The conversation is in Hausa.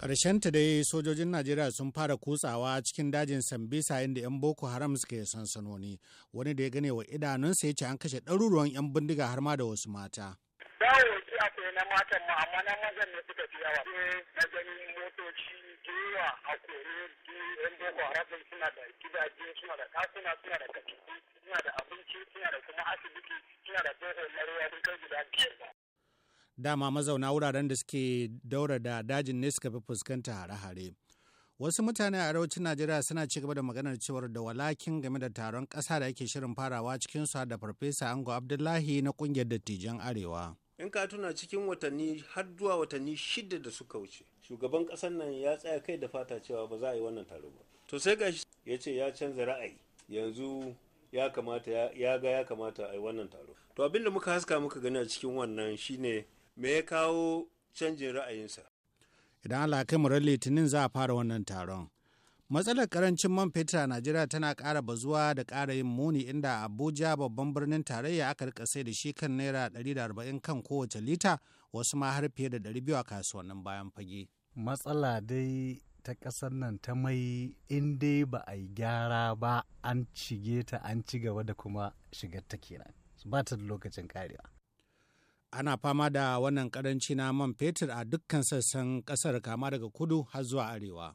ta dai sojojin Najeriya sun fara kutsawa cikin dajin Sambisa inda 'yan Boko Haram suke sansanoni. Wani da ya gane wa idanunsa ya ce an kashe ɗaruruwan 'yan bindiga har ma da wasu mata. Dawowaki aka na matan ma amma na mazan ne suka fi yawa. Eh, na gani motoci da yawa a kore 'yan Boko Haram suna da gidaje suna da kasuna suna da katiku suna da abinci suna da kuma asibiti suna da bohol na ruwa sun kai biyar ba. dama mazauna wuraren da suke daura da dajin ne suka fi fuskanta hare-hare. Wasu mutane a arewacin Najeriya suna ci gaba da maganar cewar da walakin game da taron ƙasa da ake shirin farawa cikin su da Farfesa Ango Abdullahi na kungiyar dattijan Arewa. In ka tuna cikin watanni har zuwa watanni shida da suka wuce, shugaban ƙasar nan ya tsaya kai da fata cewa ba za a yi wannan taro ba. To sai ga ya ce ya canza ra'ayi yanzu ya kamata ya ga ya kamata a yi wannan taro. To abin da muka haska muka gani a cikin wannan shine me ya kawo canjin ra'ayinsa idan allah kai mu litinin za a fara wannan taron matsalar karancin man fetur a najeriya tana kara bazuwa da kara yin muni inda abuja babban birnin tarayya aka rika sai da shi kan naira 140 kan kowace lita wasu ma har fiye da 200 a kasuwannin bayan fage matsala dai ta ƙasar nan ta mai in dai ba a yi gyara ba an cige ta an ci gaba da kuma shigar ta kenan ba ta da lokacin karewa ana fama da wannan karanci na man fetur a dukkan sassan kasar kama daga kudu har zuwa arewa.